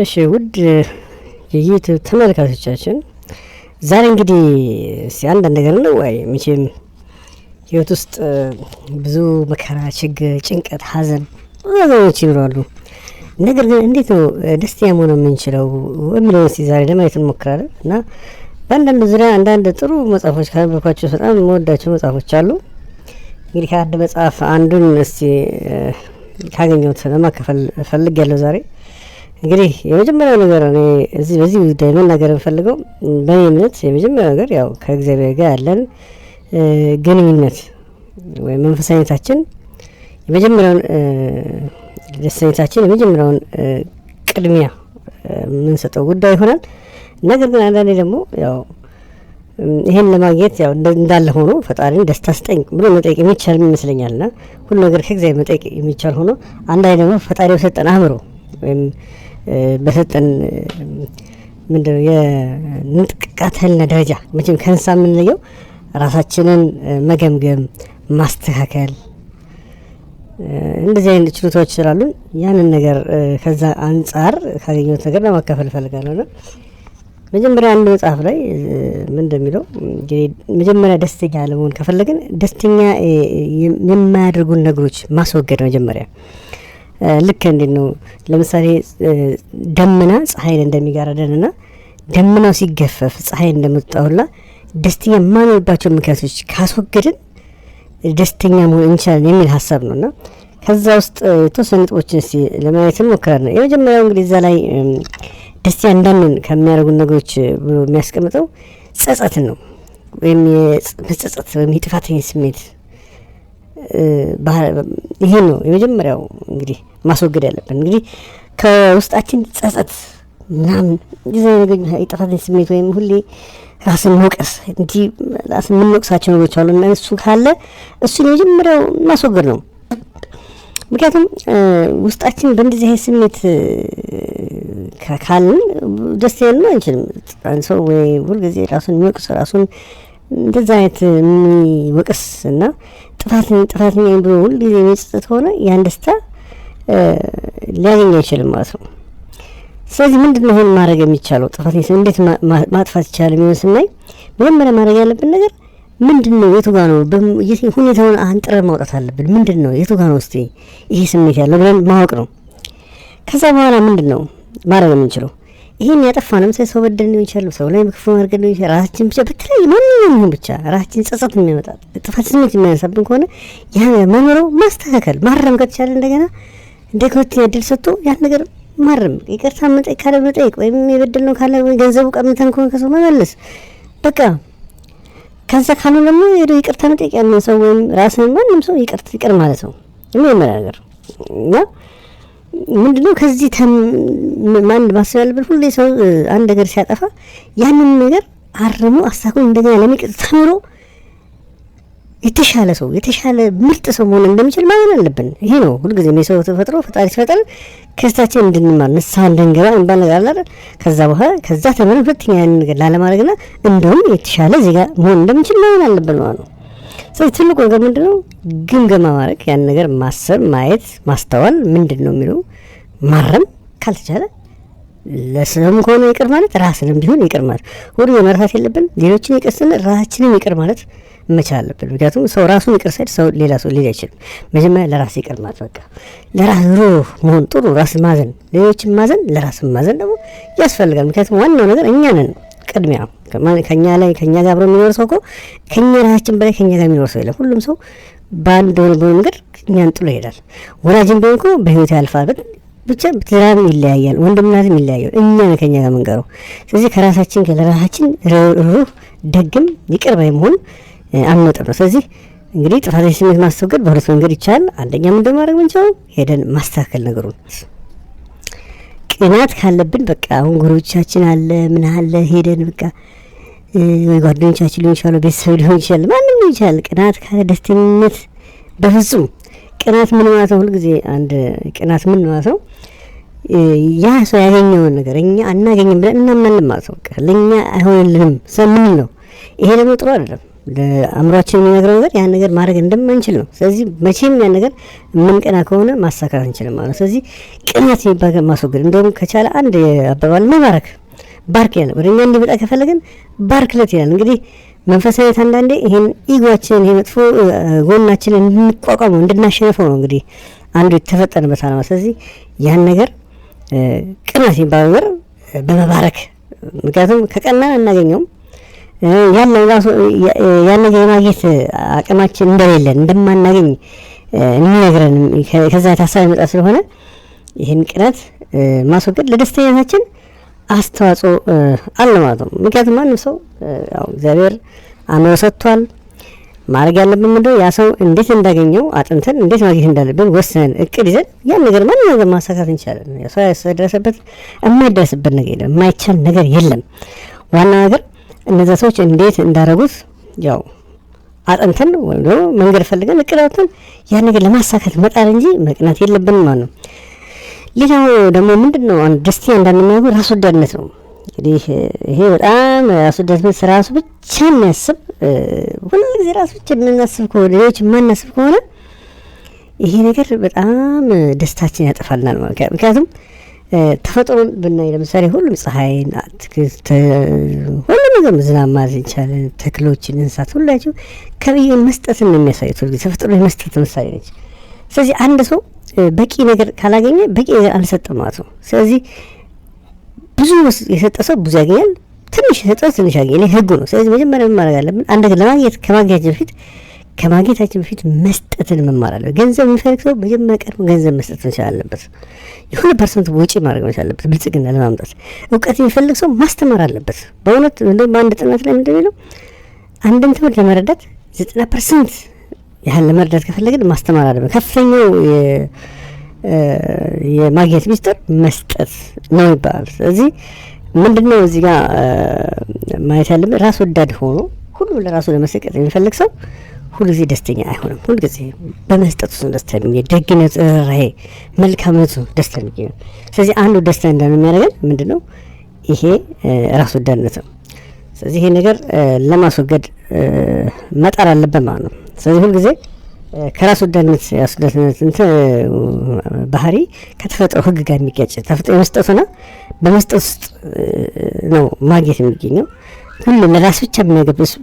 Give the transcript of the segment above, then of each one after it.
እሺ ውድ የዩቱብ ተመልካቾቻችን ዛሬ እንግዲህ እስቲ አንዳንድ ነገር ነው ወይ መቼም ህይወት ውስጥ ብዙ መከራ፣ ችግር፣ ጭንቀት፣ ሐዘን ነገሮች ይኖራሉ። ነገር ግን እንዴት ነው ደስተኛ መሆን የምንችለው የሚለው እስቲ ዛሬ ለማየት እንሞክራለን እና በአንዳንድ ዙሪያ አንዳንድ ጥሩ መጽሐፎች ካነበብኳቸው በጣም የምወዳቸው መጽሐፎች አሉ። እንግዲህ ከአንድ መጽሐፍ አንዱን እስቲ ካገኘሁት ለማካፈል እፈልጋለሁ ዛሬ እንግዲህ የመጀመሪያው ነገር እኔ እዚህ በዚህ ጉዳይ መናገር የምፈልገው በእኔ እምነት የመጀመሪያው ነገር ያው ከእግዚአብሔር ጋር ያለን ግንኙነት ወይም መንፈሳዊነታችን የመጀመሪያውን ደስተኝታችን የመጀመሪያውን ቅድሚያ የምንሰጠው ጉዳይ ይሆናል። ነገር ግን አንዳንዴ ደግሞ ያው ይሄን ለማግኘት ያው እንዳለ ሆኖ ፈጣሪን ደስታ ስጠኝ ብሎ መጠየቅ የሚቻል ይመስለኛል እና ሁሉ ነገር ከእግዚአብሔር መጠየቅ የሚቻል ሆኖ አንዳንዴ ደግሞ ፈጣሪ የሰጠን አእምሮ ወይም በሰጠን ምንድነው የንጥቃት ደረጃ መቼም ከእንስሳ የምንለየው ራሳችንን መገምገም፣ ማስተካከል እንደዚህ አይነት ችሎታዎች ስላሉን ያንን ነገር ከዛ አንጻር ካገኘሁት ነገር ለማካፈል እፈልጋለሁ ና መጀመሪያ አንድ መጽሐፍ ላይ ምን እንደሚለው መጀመሪያ ደስተኛ ለመሆን ከፈለግን ደስተኛ የማያደርጉን ነገሮች ማስወገድ መጀመሪያ ልክ እንዴት ነው ለምሳሌ ደመና ፀሐይን እንደሚጋረደንና ደመናው ሲገፈፍ ፀሐይ እንደምትጣውላ ደስተኛ የማንሆንባቸው ምክንያቶች ካስወገድን ደስተኛ መሆን እንችላለን የሚል ሀሳብ ነው ነውና ከዛ ውስጥ የተወሰኑ ነጥቦችን እስቲ ለማየት ሞከር ነው። የመጀመሪያው እንግዲህ እዛ ላይ ደስተኛ እንዳንሆን ከሚያደርጉን ነገሮች ብሎ የሚያስቀምጠው ጸጸትን ነው ወይም የመጸጸት ወይም የጥፋተኝ ስሜት ይሄ ነው የመጀመሪያው እንግዲህ ማስወገድ ያለብን እንግዲህ ከውስጣችን ጸጸት ምናምን ጊዜ ነገኝ የጠፋት ስሜት ወይም ሁሌ ራስን መውቀስ እንዲህ ራስን የምንወቅሳቸው ነገሮች አሉ እና እሱ ካለ እሱን የመጀመሪያው ማስወገድ ነው። ምክንያቱም ውስጣችን በእንደዚህ አይነት ስሜት ካልን ደስ ሊለን አንችልም። አንድ ሰው ወይ ሁልጊዜ ራሱን የሚወቅስ ራሱን እንደዚ አይነት የሚወቅስ እና ጥፋተኛ ጥፋተኛ ብሎ ጊዜ የሚጸጸት ሆነ ያን ደስታ ሊያገኝ አይችልም ማለት ነው። ስለዚህ ምንድን ነው ማድረግ የሚቻለው? ጥፋት እንዴት ማጥፋት ይቻላል የሚሆን ስናይ መጀመሪያ ማድረግ ያለብን ነገር ምንድን ነው? የቱ ጋ ነው? ሁኔታውን አንጥረን ማውጣት አለብን። ምንድን ነው? የቱ ጋ ነው ውስጥ ይሄ ስሜት ያለው ብለን ማወቅ ነው። ከዛ በኋላ ምንድን ነው ማድረግ የምንችለው? ይህን ያጠፋንም ሰው ሰው በደል ሊሆን ይችላል፣ ሰው ላይ መክፈ ማድረግ ሊሆን ይችላል። ራሳችን ብቻ በተለይ ማንኛውም ይሁን ብቻ ራሳችን ጸጸት የሚያመጣ ጥፋት ስሜት የሚያነሳብን ከሆነ ያ መኖረው ማስተካከል ማረም ከተቻለ እንደገና እንደ ሁለተኛ እድል ሰጥቶ ያን ነገር ማረም ይቅርታ መጠየቅ ካለ መጠየቅ ወይም የበደል ነው ካለ ወይ ገንዘቡ ቀምተን ከሆነ ከሰው መመለስ በቃ ከዛ ካሉ ደግሞ ሄዶ ይቅርታ መጠየቅ ያንን ሰው ወይም ራስን ማንም ሰው ይቅር ማለት ነው የሚመራ ነገር እና ምንድነው ከዚህ ማን ማሰብ ያለብን ሁሌ ሰው አንድ ነገር ሲያጠፋ ያንን ነገር አርሞ አሳክሎ እንደገና ለሚቀጥ ተምሮ የተሻለ ሰው የተሻለ ምርጥ ሰው መሆን እንደሚችል ማመን አለብን። ይሄ ነው ሁልጊዜ የሰው ተፈጥሮ። ፈጣሪ ሲፈጠር ከስታችን እንድንማር ንስሐ እንድንገባ እንባ ነገር አለ ከዛ በኋላ ከዛ ተምረን ሁለተኛ ነገር ላለማድረግና እንደውም የተሻለ ዜጋ መሆን እንደሚችል ማመን አለብን ማለት ነው። ስለዚህ ትልቁ ነገር ምንድን ነው? ግምገማ ማድረግ፣ ያን ነገር ማሰብ፣ ማየት፣ ማስተዋል፣ ምንድን ነው የሚለው ማረም ካልተቻለ ለሰውም ከሆነ ይቅር ማለት ራስንም ቢሆን ይቅር ማለት ሁሉ የመርሳት የለብን። ሌሎችን ይቅር ስንል ራሳችንም ይቅር ማለት መቻል አለብን። ምክንያቱም ሰው ራሱን ይቅር ሳይድ ሰው ሌላ ሰው ሊል አይችልም። መጀመሪያ ለራስ ይቅር ማለት በቃ ለራስ ሩህ መሆን ጥሩ፣ ራስ ማዘን፣ ሌሎችን ማዘን፣ ለራስን ማዘን ደግሞ ያስፈልጋል። ምክንያቱም ዋናው ነገር እኛ ነን። ቅድሚያ ከኛ ላይ ከኛ ጋር አብሮ የሚኖር ሰው እኮ ከኛ ራሳችን በላይ ከኛ ጋር የሚኖር ሰው የለም። ሁሉም ሰው በአንድ ሆነ በሆነ መንገድ እኛን ጥሎ ይሄዳል። ወላጅም ቢሆን እኮ በህይወት ያልፋል። ብቻ ትዳርም ይለያያል፣ ወንድምናትም ይለያያል። እኛ ነው ከኛ ጋር መንገሩ። ስለዚህ ከራሳችን ለራሳችን ሩህ፣ ደግም ይቅር ባይ መሆን አንወጥም ነው። ስለዚህ እንግዲህ ጥፋተኛ ስሜት ማስወገድ በሁለት መንገድ ይቻላል። አንደኛ ምንድን ማድረግ ምንችለው ሄደን ማስተካከል ነገሩን ቅናት ካለብን በቃ አሁን ጎረቤቶቻችን አለ ምን አለ ሄደን በቃ ወይ ጓደኞቻችን ሊሆን ይችላል፣ ቤተሰብ ሊሆን ይችላል፣ ማንም ሊሆን ይችላል። ቅናት ካለ ደስተኝነት በፍጹም ቅናት ምን ማለት ነው? ሁልጊዜ አንድ ቅናት ምን ማለት ነው? ያ ሰው ያገኘውን ነገር እኛ አናገኝም ብለን እናምናለን ማለት ነው። ለእኛ አይሆንልንም ሰምን ነው። ይሄ ደግሞ ጥሩ አይደለም። ለአእምሯችን የሚነግረው ነገር ያን ነገር ማድረግ እንደማንችል ነው። ስለዚህ መቼም ያን ነገር የምንቀና ከሆነ ማሳካት አንችልም ማለት ነው። ስለዚህ ቅናት የሚባል ማስወገድ እንደውም ከቻለ አንድ አባባል መባረክ ባርክ ያለ ወደ እኛ እንዲመጣ ከፈለግን ባርክለት ይላል። እንግዲህ መንፈሳዊት አንዳንዴ ይህን ኢጓችንን ይህ መጥፎ ጎናችንን እንቋቋመው እንድናሸነፈው ነው እንግዲህ አንዱ የተፈጠንበት አላማ። ስለዚህ ያን ነገር ቅናት የሚባል ነገር በመባረክ ምክንያቱም ከቀናን አናገኘውም ያን ነገር የማግኘት አቅማችን እንደሌለን እንደማናገኝ የሚነግረን ከዛ ታሳቢ መጣ ስለሆነ ይህን ቅናት ማስወገድ ለደስተኛታችን አስተዋጽኦ አለ ማለት ነው። ምክንያቱም ማንም ሰው ያው እግዚአብሔር አእምሮ ሰጥቷል። ማድረግ ያለብን ምንድን ያ ሰው እንዴት እንዳገኘው አጥንተን እንዴት ማግኘት እንዳለብን ወስነን እቅድ ይዘን ያን ነገር ማንም ነገር ማሳካት እንችላለን። ሰው ያደረሰበት የማይደረስበት ነገር የለም፣ የማይቻል ነገር የለም። ዋና ነገር እነዛ ሰዎች እንዴት እንዳረጉት ያው አጥንተን ወይም ደግሞ መንገድ ፈልገን እቅድ አውጥተን ያን ነገር ለማሳካት መጣር እንጂ መቅናት የለብንም ማለት ነው። ሌላው ደግሞ ምንድን ነው አንድ ደስቲ እንዳንናገ ራስ ወዳድነት ነው። እንግዲህ ይሄ በጣም ራስ ወዳድነት ስራሱ ብቻ የሚያስብ ሁሉ ጊዜ ራሱ ብቻ የምናስብ ከሆነ ሌሎች የማናስብ ከሆነ ይሄ ነገር በጣም ደስታችን ያጠፋልናል። ምክንያቱም ተፈጥሮን ብናይ ለምሳሌ ሁሉም ፀሐይን፣ አትክልት፣ ነገር ዝናብ ማድረግ ይቻላል። ተክሎችን፣ እንስሳት ሁላቸው ከብዬ መስጠት ነው የሚያሳዩት። ሁልጊዜ ተፈጥሮ የመስጠት ምሳሌ ነች። ስለዚህ አንድ ሰው በቂ ነገር ካላገኘ በቂ ነገር አልሰጠም ማለት ነው። ስለዚህ ብዙ የሰጠ ሰው ብዙ ያገኛል፣ ትንሽ የሰጠ ትንሽ ያገኛል። ህጉ ነው። ስለዚህ መጀመሪያ ማድረግ አለብን አንድ ነገር ለማግኘት ከማግኘት በፊት ከማግኘታችን በፊት መስጠትን መማር አለበት። ገንዘብ የሚፈልግ ሰው መጀመሪያ ቀድሞ ገንዘብ መስጠት መቻል አለበት። የሆነ ፐርሰንት ወጪ ማድረግ መቻል አለበት ብልጽግና ለማምጣት። እውቀት የሚፈልግ ሰው ማስተማር አለበት። በእውነት እንደውም በአንድ ጥናት ላይ እንደሚለው አንድን ትምህርት ለመረዳት ዘጠና ፐርሰንት ያህል ለመረዳት ከፈለግን ማስተማር አለበት። ከፍተኛው የማግኘት ሚስጥር መስጠት ነው ይባላል። ስለዚህ ምንድነው እዚህ ጋር ማየት ያለብን ራስ ወዳድ ሆኖ ሁሉም ለራሱ ለመሰቀጥ የሚፈልግ ሰው ሁልጊዜ ደስተኛ አይሆንም። ሁልጊዜ በመስጠቱ ነው ደስታ የሚገኘው፣ ደግነቱ፣ ርኅራኄ፣ መልካምነቱ ደስታ የሚገኘው። ስለዚህ አንዱ ደስታ እንደሚያደርገን ምንድን ነው ይሄ ራስ ወዳድነት ነው። ስለዚህ ይሄ ነገር ለማስወገድ መጣር አለበት ማለት ነው። ስለዚህ ሁልጊዜ ከራስ ወዳድነት ራስ ወዳድነት ባህሪ ከተፈጥሮ ህግ ጋር የሚጋጭ ተፈጥሮ የመስጠቱና በመስጠት ውስጥ ነው ማግኘት የሚገኘው። ሁሉም ለራስ ብቻ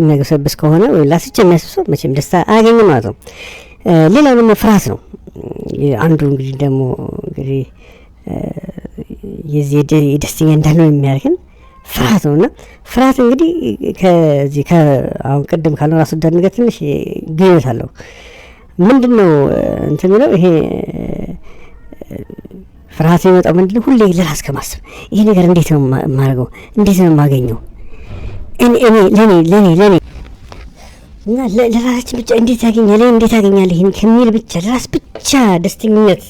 የሚያገሰብስ ከሆነ ወይም ለራስ ብቻ የሚያስብሰው መቼም ደስታ አያገኝም ማለት ነው። ሌላው ደግሞ ፍርሃት ነው። አንዱ እንግዲህ ደግሞ እንግዲህ የዚህ የደስተኛ እንዳልነው የሚያደርግን ፍርሃት ነው እና ፍርሃት እንግዲህ ከዚህ አሁን ቅድም ካለው ራስ ወዳድ ነገር ትንሽ ግንኙነት አለው። ምንድን ነው እንትን የሚለው ይሄ ፍርሃት የሚመጣው ምንድን ነው? ሁሌ ለራስ ከማሰብ ይሄ ነገር እንዴት ነው የማደርገው? እንዴት ነው የማገኘው እኔ ለኔ ለኔ ለኔ እና ለራሳችን ብቻ እንዴት ታገኛለህ እንዴት ታገኛለህ ከሚል ብቻ ለራስ ብቻ ደስተኝነት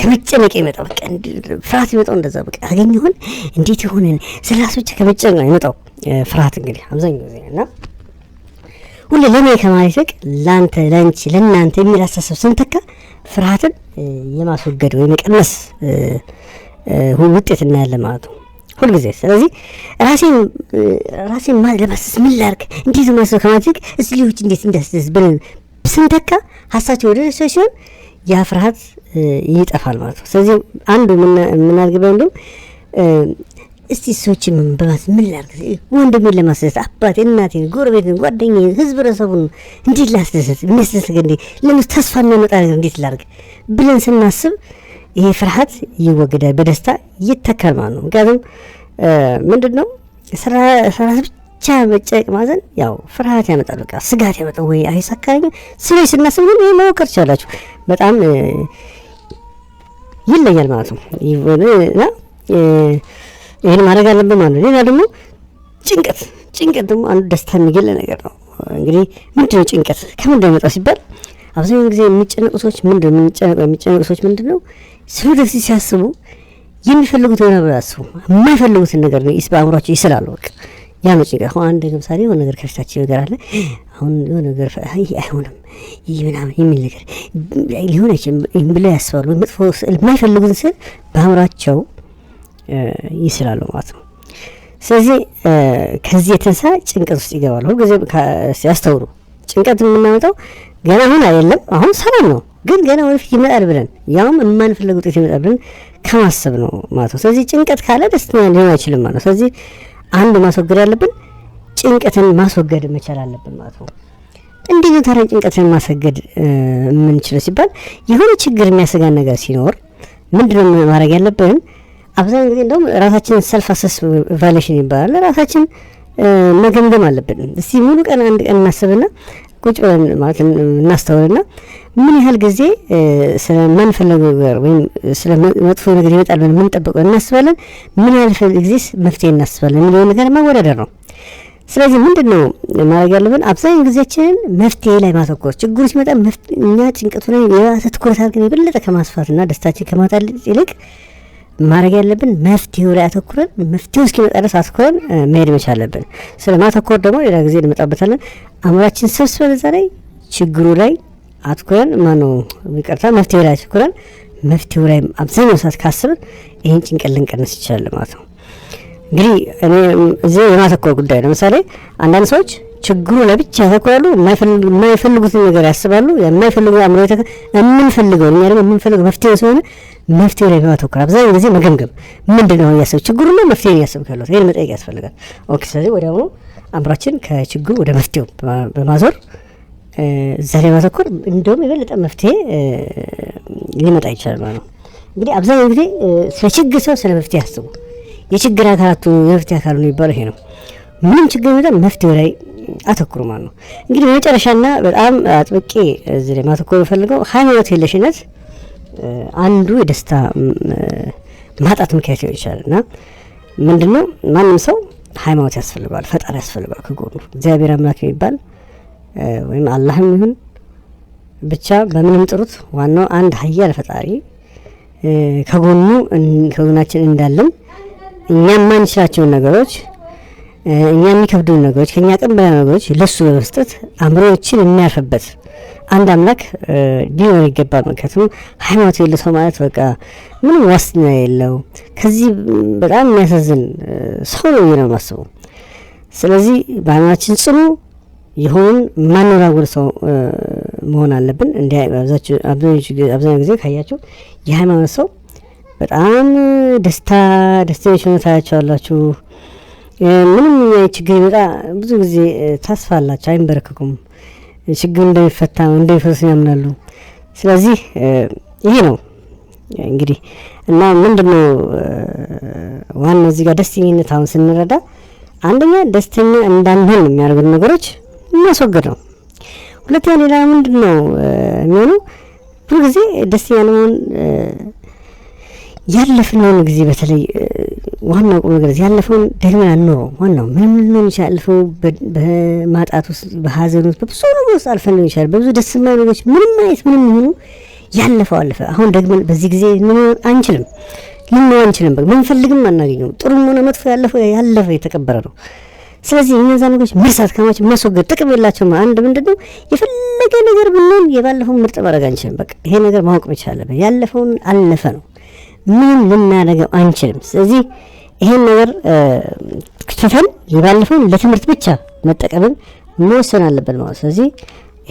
ከመጨነቅ ይመጣ በቃ ፍርሃት ይመጣው። እንደዛ በቃ አገኝ እንዴት ይሆንን ብቻ ከመጨነቅ ነው ይመጣው ፍርሃት እንግዲህ አብዛኛው ጊዜ እና ሁሌ ከማለት ይልቅ ለአንተ ለአንቺ ለእናንተ የሚል አሳሰብ ስንተካ ፍርሃትን የማስወገድ ወይ መቀነስ ውጤት እናያለን ማለት ነው። ሁልጊዜ። ስለዚህ ራሴን ራሴን ለማስስ ምን ላርግ እንዴት ማስስ ከማድረግ እስ ልጆች እንዴት እንዳስስ ብለን ስንተካ ሀሳቸው ወደ ሰው ሲሆን ያ ፍርሃት ይጠፋል ማለት ነው። ስለዚህ አንዱ የምናርግበው እንደም እስቲ ሰዎችን በማስ ምን ላርግ ወንድሜን ለማስደሰት አባት፣ እናቴን፣ ጎረቤትን፣ ጓደኛዬን፣ ህዝብረሰቡን እንዴት ላስደሰት የሚያስደስገ ለምን ተስፋ የሚያመጣ ነገር እንዴት ላርግ ብለን ስናስብ ይሄ ፍርሃት ይወገዳል፣ በደስታ ይተካል ማለት ነው። ምክንያቱም ምንድን ነው ፍርሃት ብቻ መጨቅ ማዘን ያው ፍርሃት ያመጣል፣ በቃ ስጋት ያመጣል። ወይ አይሳካኝም ስሜ ስናስብ ግን መሞከር ትችላላችሁ። በጣም ይለያል ማለት ነው። እና ይህን ማድረግ አለብን ማለት ነው። ሌላ ደግሞ ጭንቀት ጭንቀት ደግሞ አንዱ ደስታ የሚገለ ነገር ነው። እንግዲህ ምንድን ነው ጭንቀት ከምንድን ነው የመጣው ሲባል አብዛኛውን ጊዜ የሚጨነቁ ሰዎች ምንድነው የሚጨነቁ ሰዎች ምንድን ነው ስለ ደስ ሲያስቡ የሚፈልጉት ሆነ ብለው ያስቡ። የማይፈልጉትን ነገር ነው ይስ በአእምሯቸው ይስላሉ። በቃ ያ ነው ጭንቀት። አሁን አንድ ለምሳሌ የሆነ ነገር ከፊታቸው ነገር አለ። አሁን የሆነ ነገር ይሄ አይሆንም ይህ ምናምን የሚል ነገር ሊሆን አይችልም ብለው ያስባሉ። መጥፎ የማይፈልጉትን ስል በአእምሯቸው ይስላሉ ማለት ነው። ስለዚህ ከዚህ የተነሳ ጭንቀት ውስጥ ይገባሉ። ሁልጊዜ ያስተውሉ። ጭንቀት የምናመጣው ገና አሁን አይደለም፣ አሁን ሰላም ነው ግን ገና ወደፊት ይመጣል ብለን ያውም የማንፈለግ ውጤት ይመጣል ብለን ከማሰብ ነው ማለት ነው። ስለዚህ ጭንቀት ካለ ደስተኛ ሊሆን አይችልም ማለት ነው። ስለዚህ አንድ ማስወገድ ያለብን ጭንቀትን ማስወገድ መቻል አለብን ማለት ነው። እንዴት ነው ታዲያ ጭንቀትን ማስወገድ የምንችለው ሲባል የሆነ ችግር የሚያሰጋን ነገር ሲኖር ምንድነው ማድረግ ያለብን? አብዛኛው ጊዜ እንደውም ራሳችን ሰልፍ አሰስ ቫሌሽን ይባላል። ራሳችን መገምገም አለብን። እስቲ ሙሉ ቀን አንድ ቀን እናስብና ቁጭ ብለን ማለት እናስተውልና ምን ያህል ጊዜ ስለ ነገር ወይም ስለ መጥፎ ነገር ይመጣል ብለን የምንጠብቀው እናስባለን፣ ምን ያህል ጊዜ መፍትሄ እናስባለን የሚለውን ነገር ማወዳደር ነው። ስለዚህ ምንድን ነው ማድረግ ያለብን? አብዛኛው ጊዜያችንን መፍትሄ ላይ ማተኮር፣ ችግሩ ሲመጣ እኛ ጭንቀቱ ላይ የባሰ ትኩረት አድርገን የበለጠ ከማስፋትና ደስታችን ከማጣል ይልቅ ማድረግ ያለብን መፍትሄው ላይ አተኩረን መፍትሄው እስኪመጣ ድረስ አተኩረን መሄድ መቻል አለብን። ስለ ማተኮር ደግሞ ሌላ ጊዜ እንመጣበታለን። አእምሯችን ሰብስበን እዛ ላይ ችግሩ ላይ አትኩረን ማነው ይቅርታ፣ መፍትሄው ላይ አትኩረን መፍትሄው ላይ አብዛኛው ሰዓት ካስብን ይህን ጭንቀት ልንቀንስ ይችላል ማለት ነው። እንግዲህ እኔ እዚህ የማተኮር ጉዳይ ለምሳሌ አንዳንድ ሰዎች ችግሩ ለብቻ ያተኩራሉ፣ የማይፈልጉትን ነገር ያስባሉ። የማይፈልጉ አእምሮ የምንፈልገው እኛ ደግሞ የምንፈልገው መፍትሄ ስለሆነ መፍትሄ ላይ በማተኮር አብዛኛው ጊዜ መገምገም ምንድን ነው ያሰብ ችግሩ ነው መፍትሄ እያሰብ ካለት ይህን መጠየቅ ያስፈልጋል። ኦኬ፣ ስለዚህ ወደ አሁኑ አእምሯችን ከችግሩ ወደ መፍትሄው በማዞር እዛ ላይ ማተኮር እንደውም የበለጠ መፍትሄ ሊመጣ ይችላል ማለት ነው። እንግዲህ አብዛኛው ጊዜ ስለ ችግር ሰው ስለ መፍትሄ ያስቡ የችግር አካላቱ የመፍትሄ አካሉ የሚባለው ይሄ ነው። ምንም ችግር ይመጣል መፍትሄ ላይ አተኩሩ ማለት ነው። እንግዲህ በመጨረሻና በጣም አጥብቄ እዚህ ላይ ማተኮር የምፈልገው ሃይማኖት የለሽነት አንዱ የደስታ ማጣት ምክንያት ሊሆን ይችላል እና ምንድን ነው ማንም ሰው ሃይማኖት ያስፈልገዋል፣ ፈጣሪ ያስፈልገዋል ከጎኑ እግዚአብሔር አምላክ የሚባል ወይም አላህም ይሁን ብቻ በምንም ጥሩት፣ ዋናው አንድ ሀያል ፈጣሪ ከጎኑ ከጎናችን እንዳለን እኛ የማንችላቸውን ነገሮች እኛ የሚከብዱን ነገሮች ከኛ በላይ ነገሮች ለሱ በመስጠት አእምሮዎችን የሚያርፍበት አንድ አምላክ ሊኖር ይገባል። ምክንያቱም ሃይማኖት የለ ሰው ማለት በቃ ምንም ዋስትና የለው። ከዚህ በጣም የሚያሳዝን ሰው ነው ነው የማስበው። ስለዚህ በሃይማኖታችን ጽኑ የሆኑን ማኖራጉር ሰው መሆን አለብን። እንዲ አብዛኛው ጊዜ ካያቸው የሃይማኖት ሰው በጣም ደስታ ደስተኞች ሆነ ታያቸዋላችሁ። ምንም ችግር ይጣ ብዙ ጊዜ ተስፋ አላቸው፣ አይንበረከኩም። ችግሩ እንደሚፈታ እንደሚፈስ ያምናሉ። ስለዚህ ይሄ ነው እንግዲህ እና ምንድነው ዋናው እዚህ ጋር ደስተኝነት አሁን ስንረዳ አንደኛ ደስተኛ እንዳንሆን የሚያደርጉት ነገሮች እናስወገድ ነው። ሁለተኛ ሌላ ምንድን ነው የሚሆነው ብዙ ጊዜ ደስተኛ ለመሆን ያለፍነውን ጊዜ በተለይ ዋና ቁም ነገር ያለፈውን ደግመን አንኖረው። ዋናው ምንም ሊሆን ይችላል አልፈው በማጣት ውስጥ በሀዘን ውስጥ በብዙ ነገር ውስጥ አልፈን ሊሆን ይችላል። በብዙ ደስ የማይሉ ነገሮች ምንም አይነት ምንም ይሆኑ ያለፈው አለፈ። አሁን ደግመን በዚህ ጊዜ ልንሆን አንችልም፣ ልንሆን አንችልም። በምንፈልግም አናገኘው። ጥሩም ሆነ መጥፎ ያለፈው ያለፈ የተቀበረ ነው። ስለዚህ እነዛ ነገሮች መርሳት ከማች ማስወገድ ጥቅም የላቸውም። አንድ ምንድነው የፈለገ ነገር ብንሆን የባለፈውን ምርጥ ማድረግ አንችልም። በቃ ይሄ ነገር ማወቅ ብቻ አለብን። ያለፈውን አለፈ ነው ምንም ልናደርገው አንችልም። ስለዚህ ይሄን ነገር ክትፈን የባለፈውን ለትምህርት ብቻ መጠቀምን መወሰን አለብን ማለት። ስለዚህ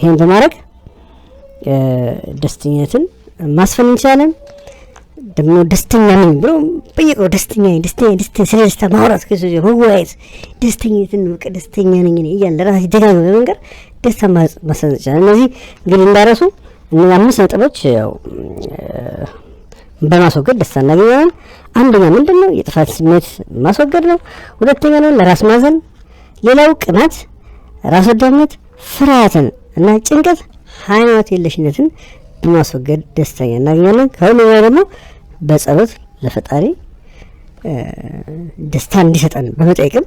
ይሄን በማድረግ ደስተኝነትን ማስፈን እንችላለን። ደግሞ ደስተኛ ነኝ ብሎ በየቀኑ ደስተኛ ደስተኛ ደስተኛ ስለ ደስታ ማውራት መወያየት፣ ደስተኝነትን በቃ ደስተኛ ነኝ እያለ ራሴ ደጋግመን በመንገር ደስታ ማሰን እንችላለን። እነዚህ እንግዲህ እንዳረሱ እነዚህ አምስት ነጥቦች ያው በማስወገድ ደስታና ገኛለን። አንደኛ ምንድን ነው የጥፋት ስሜት ማስወገድ ነው። ሁለተኛ ነው ለራስ ማዘን። ሌላው ቅናት፣ ራስ ወዳድነት፣ ፍርሃትን እና ጭንቀት፣ ሃይማኖት የለሽነትን በማስወገድ ደስተኛ እናገኛለን። ከሁሉ በላይ ደግሞ በጸሎት ለፈጣሪ ደስታ እንዲሰጠን በመጠየቅም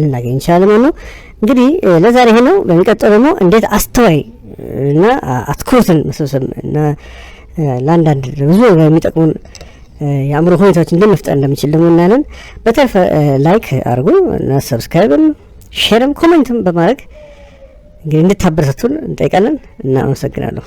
ልናገኝ እንችላለን ማለት ነው። እንግዲህ ለዛሬ ይሄ ነው። በሚቀጥለው ደግሞ እንዴት አስተዋይ እና አትኩሮትን መሰብሰብ ለአንዳንድ ብዙ የሚጠቅሙን የአእምሮ ሁኔታዎችን እንደመፍጠር እንደምንችል ደግሞ እናያለን። በተረፈ ላይክ አድርጉ፣ ሰብስክራይብም፣ ሼርም ኮሜንትም በማድረግ እንግዲህ እንድታበረታቱን እንጠይቃለን። እናመሰግናለሁ።